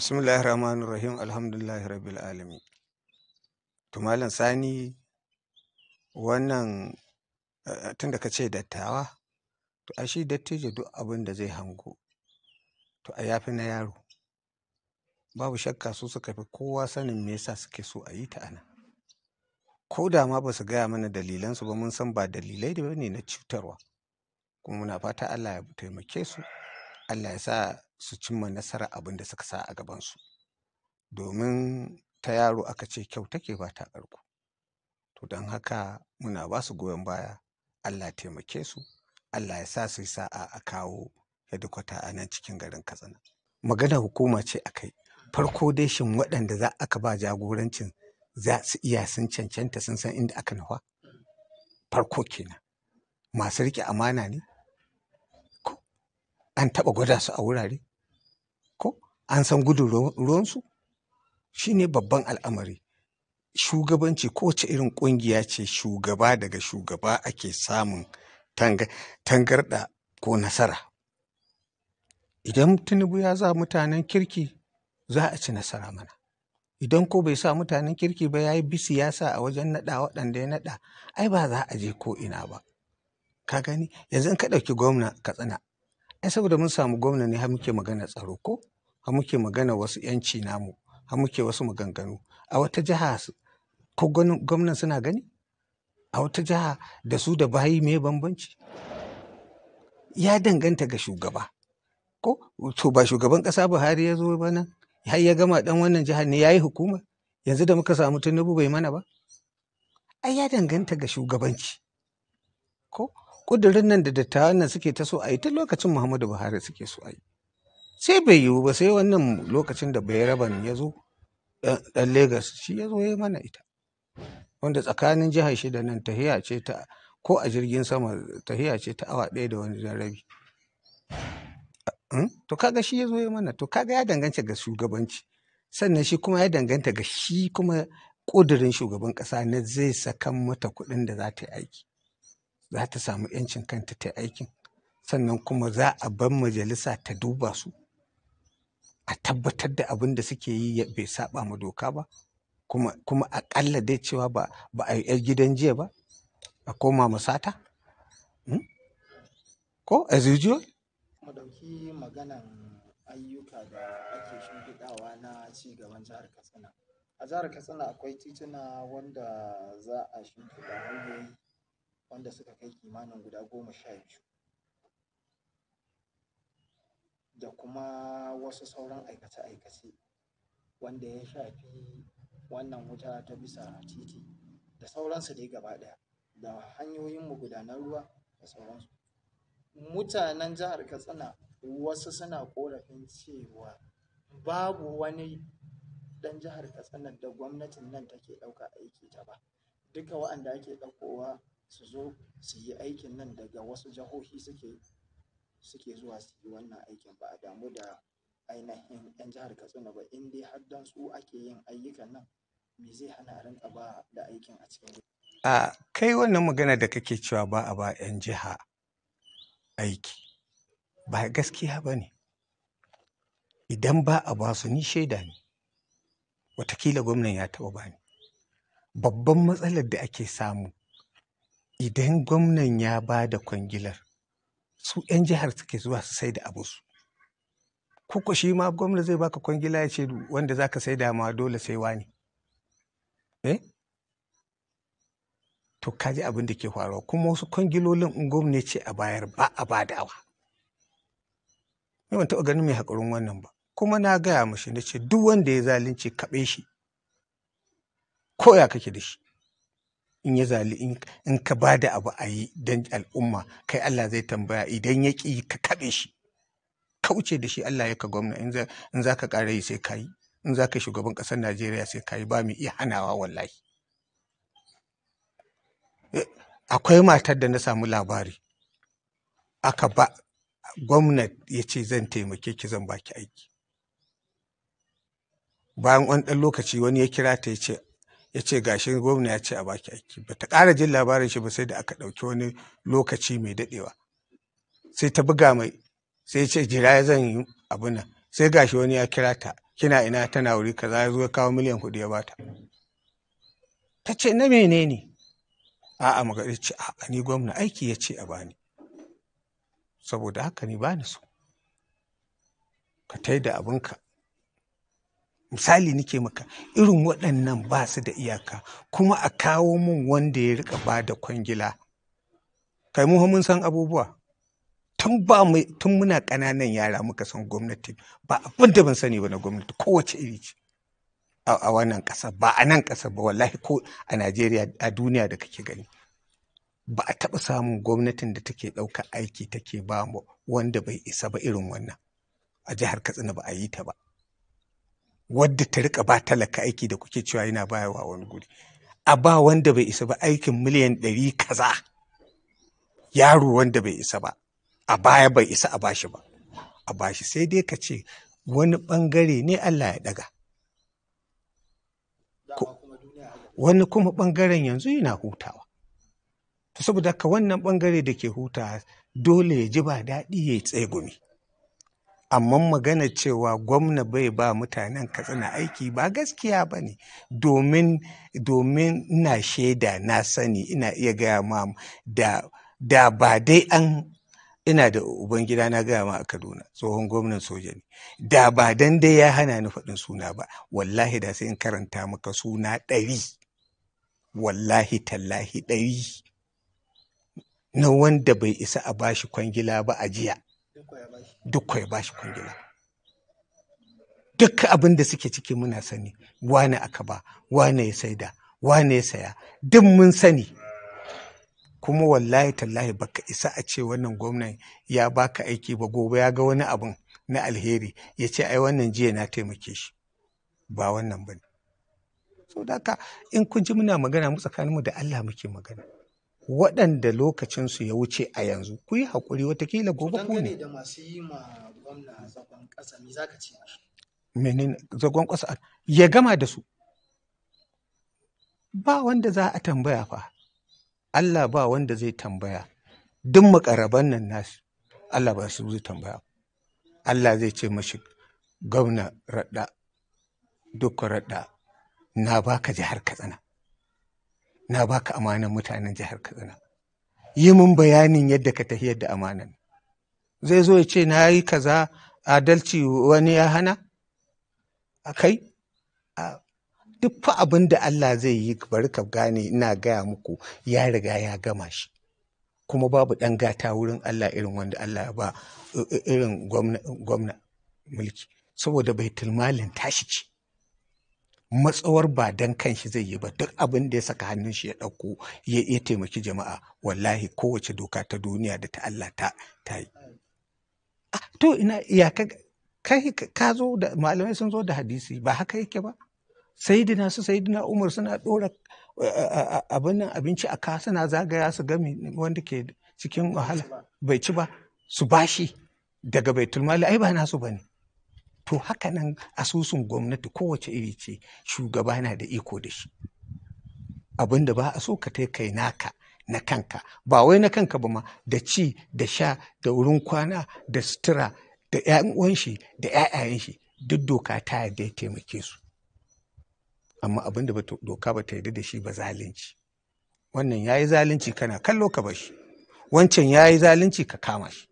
bismillahir rahmanir rahim alhamdulillahi rabbil alami. to malam sani wannan eh, da ka ce dattawa to a shi dattijo duk abin da zai hango to a yafi na yaro babu shakka su suka fi kowa sanin me yasa suke so a yi ta ana ko da ma ba su gaya mana dalilansu ba mun san ba dalilai da ne na cutarwa kuma muna fata Allah ya taimake su Allah ya sa su cimma nasara abin da suka sa a gabansu domin ta yaro aka ce kyau take ba ta ƙarko to don haka muna ba su goyon baya allah taimake su allah ya sa su sa'a a kawo hedikwata a nan cikin garin katsina magana hukuma ce a kai farko dai shin waɗanda za aka ba jagorancin za su iya sun cancanta sun san inda aka nufa farko kenan masu riƙe amana ne an taɓa gwada su a wurare an san gudun ruwansu shi ne babban al'amari shugabanci kowace irin ƙungiya ce shugaba daga shugaba ake samun tangarɗa ko nasara idan tinubu ya za mutanen kirki za a ci nasara mana idan ko bai sa mutanen kirki ba ya yi bi siyasa a wajen naɗa waɗanda ya naɗa ai ba za a je ko ina ba ka gani yanzu ka ɗauki gwamna ka katsina ai saboda mun samu gwamna ne har muke magana tsaro ko har muke magana wasu 'yanci namu har muke wasu maganganu a wata jiha ko gwamnan suna gani a wata jiha da su da bayi mai bambanci ya danganta ga shugaba ko to ba shugaban kasa buhari ya zo ba nan har ya gama dan wannan jihar ne yayi hukuma yanzu da muka samu tunubu bai mana ba ai ya danganta ga shugabanci ko kudurin nan da dattawan nan suke ta so a yi ta lokacin muhammadu buhari suke so a yi sai bai yiwu ba sai wannan lokacin da bai raban ya zo ɗan Legas shi ya zo ya mana ita wanda tsakanin jihar shi da nan tahiya ce ta ko a jirgin sama tahiya ce ta awa ɗaya da wani rabi hmm? to kaga shi ya zo ya mana to kaga ya danganta ga shugabanci sannan shi kuma ya danganta ga shi kuma ƙudurin shugaban ƙasa na zai sakan mata kuɗin da za ta yi aiki za ta samu 'yancin kanta ta yi aikin sannan kuma za a ban majalisa ta duba su a tabbatar da abin da suke yi bai saba ma doka ba kuma kuma akalla dai cewa ba ba a yi gidan jiya ba a koma musata hmm? ko as usual mu dauki maganan ayyuka da ake na ci jihar Katsina a jihar Katsina akwai tituna wanda za a shimfiɗa hanyoyi wanda suka kai kimanin guda goma sha biyu da kuma wasu sauran aikace-aikace wanda ya shafi wannan wuta ta bisa titi da sauransu dai gaba ɗaya da hanyoyin gudanar ruwa da sauransu. Mutanen jihar Katsina wasu suna korafin cewa babu wani ɗan jihar Katsina da gwamnatin nan take ɗauka aiki ta ba. Duka wa'anda ake ɗaukowa su zo su yi aikin nan daga wasu jihohi suke suke zuwa su yi wannan aikin ba a damu da ainihin 'yan jihar Katsina ba in dai har dan su ake yin ayyukan nan me zai hana a rinka ba da aikin a cikin a kai wannan magana da kake cewa ba a ba 'yan jiha aiki ba gaskiya ba ne idan ba a ba su ni shaida ne watakila gwamnan ya taɓa ba babban matsalar da ake samu idan gwamnan ya ba da kwangilar su 'yan jihar suke zuwa su sai da abinsu kuka shi ma gwamna zai baka kwangila ya ce wanda za sai da ma dole sai wani eh to kaji abin da ke faruwa kuma wasu kwangilolin in gwamna ce a bayar ba a badawa ban taɓa ganin mai haƙurin wannan ba kuma na gaya mashi na ce duk wanda ya zalunci kaɓe shi ko ya kake da shi in ya zali in ka ba da abu a yi don al'umma kai Allah zai tambaya idan ya ƙi ka kaɓe shi kauce da shi Allah ya ka gwamna in za ka ƙara yi sai ka yi in za ka shugaban ƙasar Najeriya sai ka yi ba mu iya hanawa wallahi eh, akwai matar da na samu labari aka ba gwamna ya ce zan taimake ki zan baki aiki bayan wani ɗan lokaci wani ya kira ta ya ce ya ce gashin gwamna ya ce a baki aiki ba ta ƙara jin labarin shi ba sai da aka ɗauki wani lokaci mai daɗewa sai ta buga mai sai ce jira zan yi abuna sai gashi wani ya kira ta kina ina tana wuri kaza ya zo ya kawo miliyan kuɗi ya bata ta ce na menene a'a magana ce a'a ni gwamna aiki ya ce a bani saboda haka ni bani so ka taida da abinka misali nike maka irin waɗannan ba su da iyaka kuma a kawo mun wanda ya rika ba da kwangila kai mu mun san abubuwa tun ba tun muna ƙananan yara muka san gwamnati ba abin da ban sani ba na gwamnati kowace iri ce a wannan ƙasa ba a nan ƙasa ba wallahi ko a Najeriya a duniya da kake gani ba a taɓa samun gwamnatin da take ɗaukar aiki take ba wanda bai isa ba irin wannan a jihar Katsina ba a yi ta ba wadda ta rika ba talaka aiki da kuke cewa yana bayarwa wani guri a ba wanda bai isa ba aikin miliyan ɗari kaza yaro wanda bai isa ba a baya bai isa a bashi ba a bashi sai dai ka ce wani ɓangare ne Allah ya ɗaga wani kuma bangaren yanzu yana hutawa saboda ka wannan ɓangare da ke hutawa dole ya ji ba daɗi ya yi tsegumi Amma magana cewa gwamna bai ba mutanen Katsina aiki ba gaskiya ba ne domin, ina shaida na sani ina iya gaya ma da, da ba dai an ina da ubangida na gaya ma a Kaduna tsohon gwamnan soja ne da ba dan dai ya hana ni faɗin suna ba wallahi da sai in karanta maka suna ɗari wallahi tallahi ɗari na wanda bai isa a bashi kwangila ba a jiya. duk ya bashi kwangila duk abin da suke ciki muna sani wane aka ba wane ya saida wane ya saya duk mun sani kuma wallahi tallahi baka isa a ce wannan gwamnan ya baka aiki ba gobe ya ga wani abin na alheri ya ce ai wannan jiya na taimake shi ba wannan bane so da in kun ji muna magana mu tsakaninmu da Allah muke magana waɗanda lokacinsu ya wuce a yanzu ku yi haƙuri watakila gobe ku ne zagon ƙasa menene zagon ƙasa ya gama da su ba wanda za a tambaya fa Allah ba wanda zai tambaya duk makaraban nan nasu Allah ba su zai tambaya Allah zai ce mashi gwamna raɗa duk raɗa na baka jihar Katsina na baka amanan mutanen jihar katsina yi mun bayanin yadda ka tafiyar da amanan zai zo ya ce na yi kaza adalci wani ya hana a kai duk fa abin da Allah zai yi bari ka gane ina gaya muku ya riga ya gama shi kuma babu ɗan gata wurin Allah irin wanda Allah ya ba irin gwamna mulki saboda bai tilmalin tashi ce matsawar ba dan shi zai yi ba duk abin da ya saka hannun shi ya ɗauko ya iya taimaki jama'a wallahi kowace doka ta duniya da ta Allah ta ta yi to ina ya kai ka zo da malamai sun zo da hadisi ba haka yake ba sayidina su sayidina Umar suna ɗora abin abinci a ka suna zagaya su ga wanda ke cikin wahala bai ci ba su bashi daga baitul mali ai ba nasu bane to haka nan asusun gwamnati kowace iri ce shugaba na da iko da shi abin da ba a so ka kai naka na kanka ba wai na kanka ba ma da ci da sha da wurin kwana da sutura da 'yan shi da 'ya'yayen shi duk doka ta yarda ya taimake su amma abin da doka ba ta yarda da shi ba zalunci wannan ya yi zalunci kana kallo ka bashi wancan yi zalunci ka kama shi